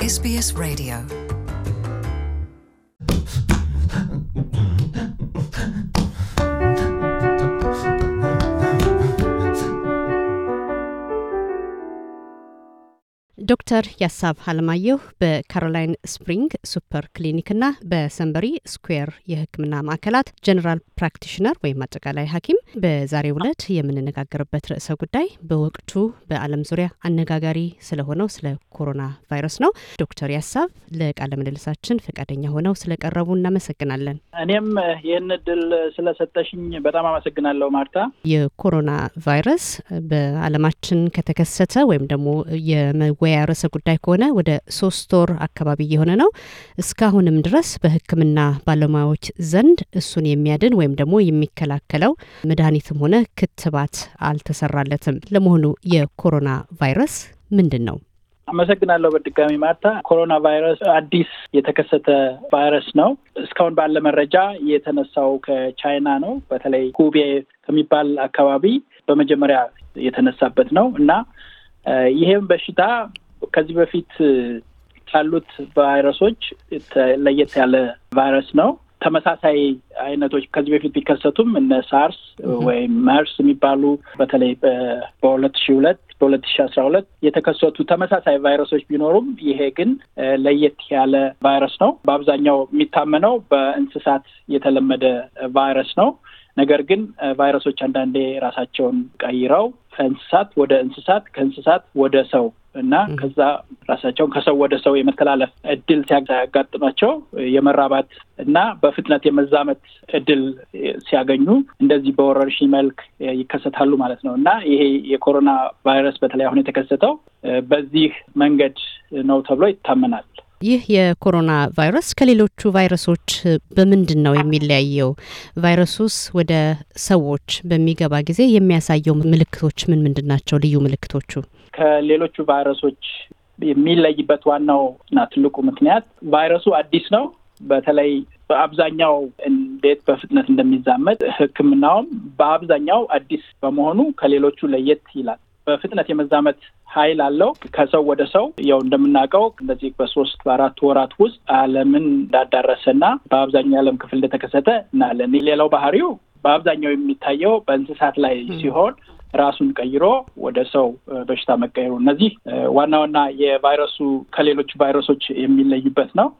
SBS Radio ዶክተር ያሳብ አለማየሁ በካሮላይን ስፕሪንግ ሱፐር ክሊኒክና በሰንበሪ ስኩዌር የሕክምና ማዕከላት ጀኔራል ፕራክቲሽነር ወይም አጠቃላይ ሐኪም። በዛሬው ዕለት የምንነጋገርበት ርዕሰ ጉዳይ በወቅቱ በዓለም ዙሪያ አነጋጋሪ ስለሆነው ስለ ኮሮና ቫይረስ ነው። ዶክተር ያሳብ ለቃለ ምልልሳችን ፈቃደኛ ሆነው ስለቀረቡ እናመሰግናለን። እኔም ይህን እድል ስለሰጠሽኝ በጣም አመሰግናለሁ ማርታ። የኮሮና ቫይረስ በዓለማችን ከተከሰተ ወይም ደግሞ የመወያ የራስ ጉዳይ ከሆነ ወደ ሶስት ወር አካባቢ እየሆነ ነው። እስካሁንም ድረስ በሕክምና ባለሙያዎች ዘንድ እሱን የሚያድን ወይም ደግሞ የሚከላከለው መድኃኒትም ሆነ ክትባት አልተሰራለትም። ለመሆኑ የኮሮና ቫይረስ ምንድን ነው? አመሰግናለሁ በድጋሚ ማርታ። ኮሮና ቫይረስ አዲስ የተከሰተ ቫይረስ ነው። እስካሁን ባለ መረጃ የተነሳው ከቻይና ነው። በተለይ ሁቤ ከሚባል አካባቢ በመጀመሪያ የተነሳበት ነው እና ይህም በሽታ ከዚህ በፊት ካሉት ቫይረሶች ለየት ያለ ቫይረስ ነው። ተመሳሳይ አይነቶች ከዚህ በፊት ቢከሰቱም እነ ሳርስ ወይም መርስ የሚባሉ በተለይ በሁለት ሺ ሁለት በሁለት ሺ አስራ ሁለት የተከሰቱ ተመሳሳይ ቫይረሶች ቢኖሩም ይሄ ግን ለየት ያለ ቫይረስ ነው። በአብዛኛው የሚታመነው በእንስሳት የተለመደ ቫይረስ ነው። ነገር ግን ቫይረሶች አንዳንዴ ራሳቸውን ቀይረው ከእንስሳት ወደ እንስሳት ከእንስሳት ወደ ሰው እና ከዛ ራሳቸውን ከሰው ወደ ሰው የመተላለፍ እድል ሲያጋጥማቸው የመራባት እና በፍጥነት የመዛመት እድል ሲያገኙ እንደዚህ በወረርሽኝ መልክ ይከሰታሉ ማለት ነው እና ይሄ የኮሮና ቫይረስ በተለይ አሁን የተከሰተው በዚህ መንገድ ነው ተብሎ ይታመናል። ይህ የኮሮና ቫይረስ ከሌሎቹ ቫይረሶች በምንድን ነው የሚለያየው? ቫይረሱስ ወደ ሰዎች በሚገባ ጊዜ የሚያሳየው ምልክቶች ምን ምንድን ናቸው? ልዩ ምልክቶቹ ከሌሎቹ ቫይረሶች የሚለይበት ዋናው እና ትልቁ ምክንያት ቫይረሱ አዲስ ነው። በተለይ በአብዛኛው እንዴት በፍጥነት እንደሚዛመድ ሕክምናውም በአብዛኛው አዲስ በመሆኑ ከሌሎቹ ለየት ይላል። በፍጥነት የመዛመት ኃይል አለው። ከሰው ወደ ሰው ያው እንደምናውቀው እንደዚህ በሶስት በአራት ወራት ውስጥ ዓለምን እንዳዳረሰና በአብዛኛው የዓለም ክፍል እንደተከሰተ እናያለን። ሌላው ባህሪው በአብዛኛው የሚታየው በእንስሳት ላይ ሲሆን ራሱን ቀይሮ ወደ ሰው በሽታ መቀየሩ እነዚህ ዋና ዋና የቫይረሱ ከሌሎች ቫይረሶች የሚለይበት ነው።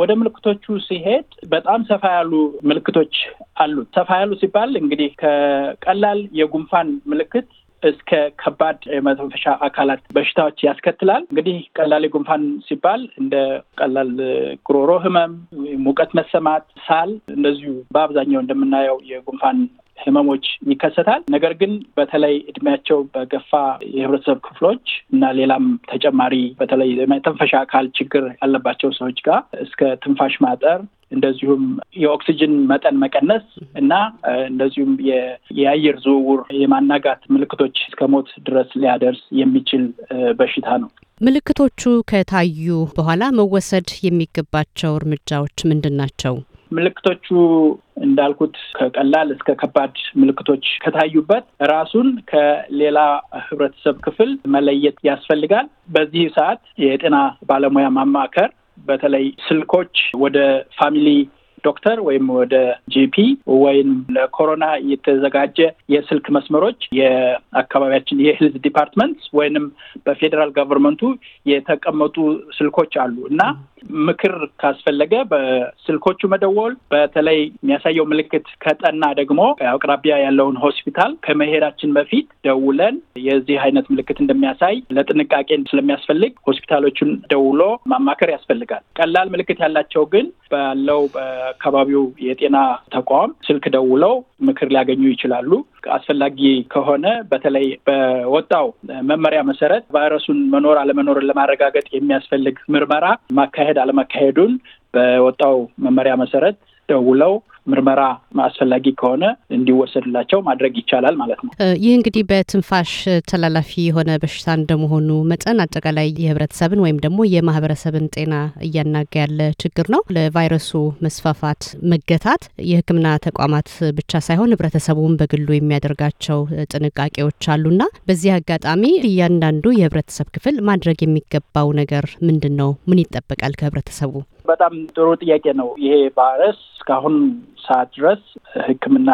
ወደ ምልክቶቹ ሲሄድ በጣም ሰፋ ያሉ ምልክቶች አሉት። ሰፋ ያሉ ሲባል እንግዲህ ከቀላል የጉንፋን ምልክት እስከ ከባድ የመተንፈሻ አካላት በሽታዎች ያስከትላል። እንግዲህ ቀላል ጉንፋን ሲባል እንደ ቀላል ጉሮሮ ህመም፣ ሙቀት መሰማት፣ ሳል እንደዚሁ በአብዛኛው እንደምናየው የጉንፋን ህመሞች ይከሰታል። ነገር ግን በተለይ እድሜያቸው በገፋ የህብረተሰብ ክፍሎች እና ሌላም ተጨማሪ በተለይ የመተንፈሻ አካል ችግር ያለባቸው ሰዎች ጋር እስከ ትንፋሽ ማጠር እንደዚሁም የኦክሲጅን መጠን መቀነስ እና እንደዚሁም የአየር ዝውውር የማናጋት ምልክቶች እስከ ሞት ድረስ ሊያደርስ የሚችል በሽታ ነው። ምልክቶቹ ከታዩ በኋላ መወሰድ የሚገባቸው እርምጃዎች ምንድን ናቸው? ምልክቶቹ እንዳልኩት ከቀላል እስከ ከባድ ምልክቶች ከታዩበት ራሱን ከሌላ ህብረተሰብ ክፍል መለየት ያስፈልጋል። በዚህ ሰዓት የጤና ባለሙያ ማማከር በተለይ ስልኮች ወደ ፋሚሊ ዶክተር ወይም ወደ ጂፒ ወይም ለኮሮና የተዘጋጀ የስልክ መስመሮች የአካባቢያችን የህልዝ ዲፓርትመንት ወይንም በፌዴራል ገቨርንመንቱ የተቀመጡ ስልኮች አሉ እና ምክር ካስፈለገ በስልኮቹ መደወል፣ በተለይ የሚያሳየው ምልክት ከጠና ደግሞ አቅራቢያ ያለውን ሆስፒታል ከመሄዳችን በፊት ደውለን የዚህ አይነት ምልክት እንደሚያሳይ ለጥንቃቄ ስለሚያስፈልግ ሆስፒታሎቹን ደውሎ ማማከር ያስፈልጋል። ቀላል ምልክት ያላቸው ግን ባለው በአካባቢው የጤና ተቋም ስልክ ደውለው ምክር ሊያገኙ ይችላሉ። አስፈላጊ ከሆነ በተለይ በወጣው መመሪያ መሰረት ቫይረሱን መኖር አለመኖርን ለማረጋገጥ የሚያስፈልግ ምርመራ ማካሄድ አለማካሄዱን በወጣው መመሪያ መሰረት ደውለው ምርመራ አስፈላጊ ከሆነ እንዲወሰድላቸው ማድረግ ይቻላል ማለት ነው። ይህ እንግዲህ በትንፋሽ ተላላፊ የሆነ በሽታ እንደመሆኑ መጠን አጠቃላይ የህብረተሰብን ወይም ደግሞ የማህበረሰብን ጤና እያናጋ ያለ ችግር ነው። ለቫይረሱ መስፋፋት መገታት የህክምና ተቋማት ብቻ ሳይሆን ህብረተሰቡን በግሉ የሚያደርጋቸው ጥንቃቄዎች አሉና በዚህ አጋጣሚ እያንዳንዱ የህብረተሰብ ክፍል ማድረግ የሚገባው ነገር ምንድን ነው? ምን ይጠበቃል ከህብረተሰቡ? በጣም ጥሩ ጥያቄ ነው። ይሄ ቫይረስ እስካሁን ሰዓት ድረስ ሕክምና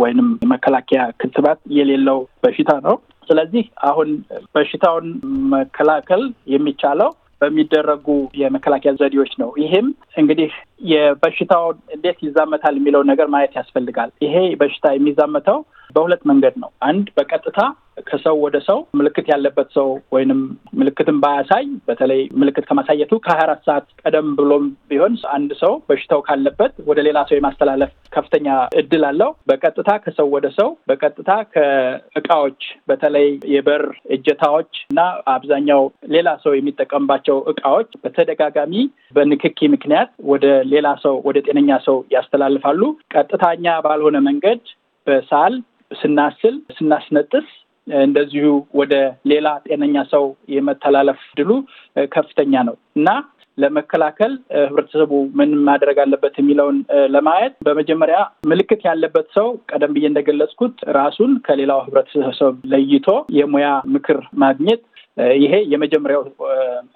ወይንም መከላከያ ክትባት የሌለው በሽታ ነው። ስለዚህ አሁን በሽታውን መከላከል የሚቻለው በሚደረጉ የመከላከያ ዘዴዎች ነው። ይህም እንግዲህ የበሽታውን እንዴት ይዛመታል የሚለውን ነገር ማየት ያስፈልጋል። ይሄ በሽታ የሚዛመተው በሁለት መንገድ ነው። አንድ በቀጥታ ከሰው ወደ ሰው ምልክት ያለበት ሰው ወይንም ምልክትን ባያሳይ በተለይ ምልክት ከማሳየቱ ከሀያ አራት ሰዓት ቀደም ብሎም ቢሆን አንድ ሰው በሽታው ካለበት ወደ ሌላ ሰው የማስተላለፍ ከፍተኛ እድል አለው። በቀጥታ ከሰው ወደ ሰው፣ በቀጥታ ከእቃዎች በተለይ የበር እጀታዎች እና አብዛኛው ሌላ ሰው የሚጠቀምባቸው እቃዎች በተደጋጋሚ በንክኪ ምክንያት ወደ ሌላ ሰው ወደ ጤነኛ ሰው ያስተላልፋሉ። ቀጥታኛ ባልሆነ መንገድ በሳል ስናስል፣ ስናስነጥስ እንደዚሁ ወደ ሌላ ጤነኛ ሰው የመተላለፍ ድሉ ከፍተኛ ነው እና ለመከላከል ህብረተሰቡ ምን ማድረግ አለበት የሚለውን ለማየት በመጀመሪያ ምልክት ያለበት ሰው ቀደም ብዬ እንደገለጽኩት ራሱን ከሌላው ህብረተሰብ ለይቶ የሙያ ምክር ማግኘት ይሄ የመጀመሪያው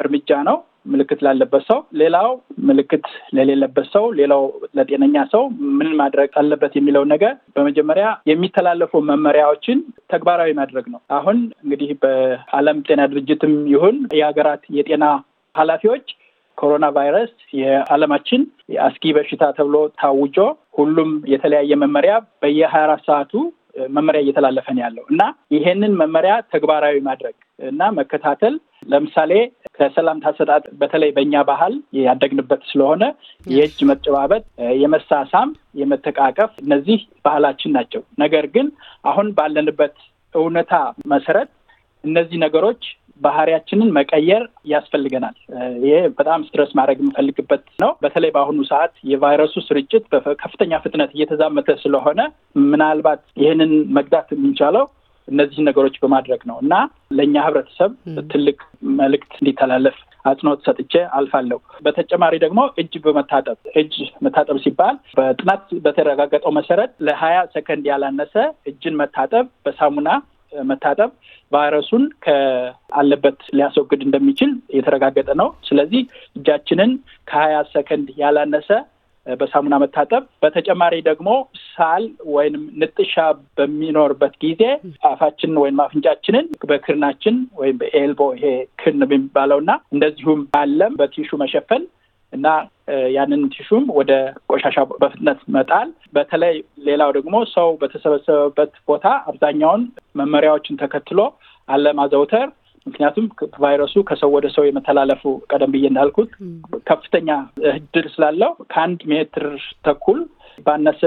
እርምጃ ነው። ምልክት ላለበት ሰው፣ ሌላው ምልክት ለሌለበት ሰው፣ ሌላው ለጤነኛ ሰው ምን ማድረግ አለበት የሚለው ነገር በመጀመሪያ የሚተላለፉ መመሪያዎችን ተግባራዊ ማድረግ ነው። አሁን እንግዲህ በዓለም ጤና ድርጅትም ይሁን የሀገራት የጤና ኃላፊዎች ኮሮና ቫይረስ የዓለማችን የአስጊ በሽታ ተብሎ ታውጆ ሁሉም የተለያየ መመሪያ በየሀያ አራት ሰዓቱ መመሪያ እየተላለፈ ነው ያለው እና ይሄንን መመሪያ ተግባራዊ ማድረግ እና መከታተል ለምሳሌ ከሰላምታ አሰጣጥ በተለይ በእኛ ባህል ያደግንበት ስለሆነ የእጅ መጨባበጥ፣ የመሳሳም፣ የመተቃቀፍ እነዚህ ባህላችን ናቸው። ነገር ግን አሁን ባለንበት እውነታ መሰረት እነዚህ ነገሮች ባህሪያችንን መቀየር ያስፈልገናል። ይሄ በጣም ስትረስ ማድረግ የምፈልግበት ነው። በተለይ በአሁኑ ሰዓት የቫይረሱ ስርጭት በከፍተኛ ፍጥነት እየተዛመተ ስለሆነ ምናልባት ይህንን መግዛት የምንቻለው እነዚህን ነገሮች በማድረግ ነው እና ለእኛ ህብረተሰብ ትልቅ መልእክት እንዲተላለፍ አጽንኦት ሰጥቼ አልፋለሁ። በተጨማሪ ደግሞ እጅ በመታጠብ እጅ መታጠብ ሲባል በጥናት በተረጋገጠው መሰረት ለሀያ ሰከንድ ያላነሰ እጅን መታጠብ በሳሙና መታጠብ ቫይረሱን ከአለበት ሊያስወግድ እንደሚችል የተረጋገጠ ነው። ስለዚህ እጃችንን ከሀያ ሰከንድ ያላነሰ በሳሙና መታጠብ፣ በተጨማሪ ደግሞ ሳል ወይንም ንጥሻ በሚኖርበት ጊዜ አፋችንን ወይም አፍንጫችንን በክርናችን ወይም በኤልቦ ይሄ ክርን የሚባለውና እንደዚሁም አለም በቲሹ መሸፈን እና ያንን ቲሹም ወደ ቆሻሻ በፍጥነት መጣል። በተለይ ሌላው ደግሞ ሰው በተሰበሰበበት ቦታ አብዛኛውን መመሪያዎችን ተከትሎ አለማዘውተር። ምክንያቱም ቫይረሱ ከሰው ወደ ሰው የመተላለፉ ቀደም ብዬ እንዳልኩት ከፍተኛ እድል ስላለው ከአንድ ሜትር ተኩል ባነሰ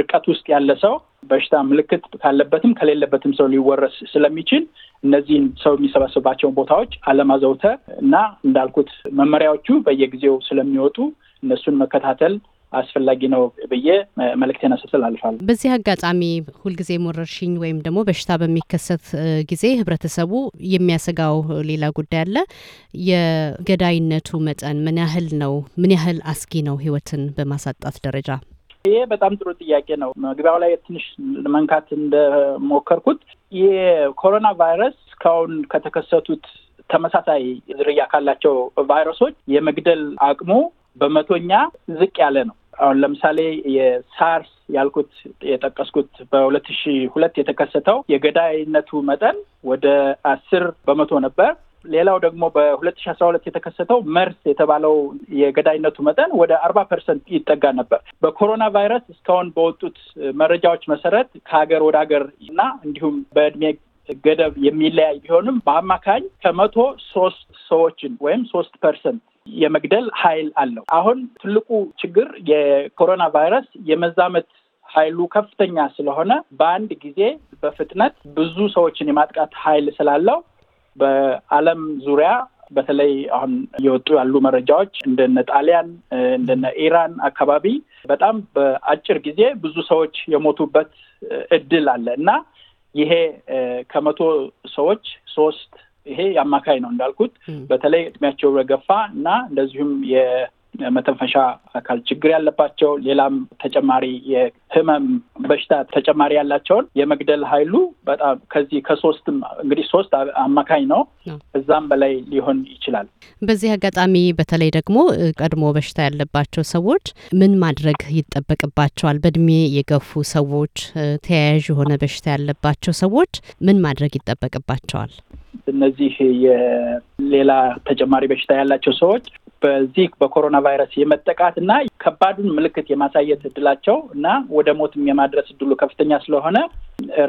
ርቀት ውስጥ ያለ ሰው በሽታ ምልክት ካለበትም ከሌለበትም ሰው ሊወረስ ስለሚችል እነዚህን ሰው የሚሰበሰባቸውን ቦታዎች አለማዘውተ እና እንዳልኩት መመሪያዎቹ በየጊዜው ስለሚወጡ እነሱን መከታተል አስፈላጊ ነው ብዬ መልእክቴን አስተላልፋለሁ። በዚህ አጋጣሚ ሁልጊዜ ወረርሽኝ ወይም ደግሞ በሽታ በሚከሰት ጊዜ ህብረተሰቡ የሚያሰጋው ሌላ ጉዳይ አለ። የገዳይነቱ መጠን ምን ያህል ነው? ምን ያህል አስጊ ነው ህይወትን በማሳጣት ደረጃ? ይሄ በጣም ጥሩ ጥያቄ ነው። መግቢያው ላይ ትንሽ መንካት እንደሞከርኩት የኮሮና ቫይረስ እስካሁን ከተከሰቱት ተመሳሳይ ዝርያ ካላቸው ቫይረሶች የመግደል አቅሙ በመቶኛ ዝቅ ያለ ነው። አሁን ለምሳሌ የሳርስ ያልኩት የጠቀስኩት በሁለት ሺህ ሁለት የተከሰተው የገዳይነቱ መጠን ወደ አስር በመቶ ነበር። ሌላው ደግሞ በሁለት ሺ አስራ ሁለት የተከሰተው መርስ የተባለው የገዳይነቱ መጠን ወደ አርባ ፐርሰንት ይጠጋ ነበር። በኮሮና ቫይረስ እስካሁን በወጡት መረጃዎች መሰረት ከሀገር ወደ ሀገር እና እንዲሁም በእድሜ ገደብ የሚለያይ ቢሆንም በአማካኝ ከመቶ ሶስት ሰዎችን ወይም ሶስት ፐርሰንት የመግደል ኃይል አለው። አሁን ትልቁ ችግር የኮሮና ቫይረስ የመዛመት ኃይሉ ከፍተኛ ስለሆነ በአንድ ጊዜ በፍጥነት ብዙ ሰዎችን የማጥቃት ኃይል ስላለው በዓለም ዙሪያ በተለይ አሁን እየወጡ ያሉ መረጃዎች እንደነ ጣሊያን እንደነ ኢራን አካባቢ በጣም በአጭር ጊዜ ብዙ ሰዎች የሞቱበት እድል አለ እና ይሄ ከመቶ ሰዎች ሶስት ይሄ የአማካይ ነው እንዳልኩት በተለይ እድሜያቸው በገፋ እና እንደዚሁም መተንፈሻ አካል ችግር ያለባቸው ሌላም ተጨማሪ የህመም በሽታ ተጨማሪ ያላቸውን የመግደል ኃይሉ በጣም ከዚህ ከሶስትም እንግዲህ ሶስት አማካኝ ነው። እዛም በላይ ሊሆን ይችላል። በዚህ አጋጣሚ በተለይ ደግሞ ቀድሞ በሽታ ያለባቸው ሰዎች ምን ማድረግ ይጠበቅባቸዋል? በእድሜ የገፉ ሰዎች፣ ተያያዥ የሆነ በሽታ ያለባቸው ሰዎች ምን ማድረግ ይጠበቅባቸዋል? እነዚህ የሌላ ተጨማሪ በሽታ ያላቸው ሰዎች በዚህ በኮሮና ቫይረስ የመጠቃት እና ከባዱን ምልክት የማሳየት እድላቸው እና ወደ ሞትም የማድረስ እድሉ ከፍተኛ ስለሆነ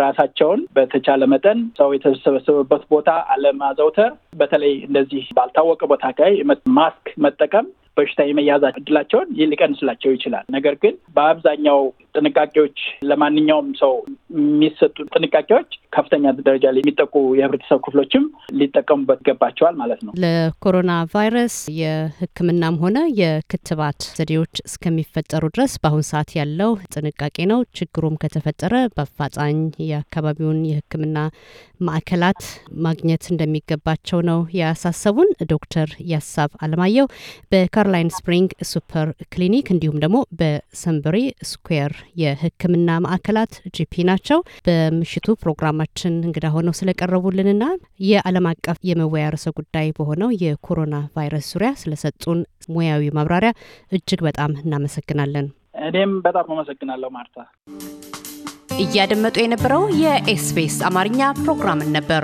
ራሳቸውን በተቻለ መጠን ሰው የተሰበሰበበት ቦታ አለማዘውተር፣ በተለይ እንደዚህ ባልታወቀ ቦታ አካባቢ ማስክ መጠቀም በሽታ የመያዛ እድላቸውን ሊቀንስላቸው ይችላል። ነገር ግን በአብዛኛው ጥንቃቄዎች ለማንኛውም ሰው የሚሰጡ ጥንቃቄዎች ከፍተኛ ደረጃ ላይ የሚጠቁ የህብረተሰብ ክፍሎችም ሊጠቀሙበት ይገባቸዋል ማለት ነው። ለኮሮና ቫይረስ የህክምናም ሆነ የክትባት ዘዴዎች እስከሚፈጠሩ ድረስ በአሁን ሰዓት ያለው ጥንቃቄ ነው። ችግሩም ከተፈጠረ በአፋጣኝ የአካባቢውን የህክምና ማዕከላት ማግኘት እንደሚገባቸው ነው ያሳሰቡን ዶክተር ያሳብ አለማየሁ በካሮላይን ስፕሪንግ ሱፐር ክሊኒክ እንዲሁም ደግሞ በሰንበሪ ስኩዌር የህክምና ማዕከላት ጂፒ ናቸው። በምሽቱ ፕሮግራማችን እንግዳ ሆነው ስለቀረቡልንና የዓለም አቀፍ የመወያ ርዕሰ ጉዳይ በሆነው የኮሮና ቫይረስ ዙሪያ ስለሰጡን ሙያዊ ማብራሪያ እጅግ በጣም እናመሰግናለን። እኔም በጣም አመሰግናለሁ ማርታ። እያደመጡ የነበረው የኤስቢኤስ አማርኛ ፕሮግራምን ነበር።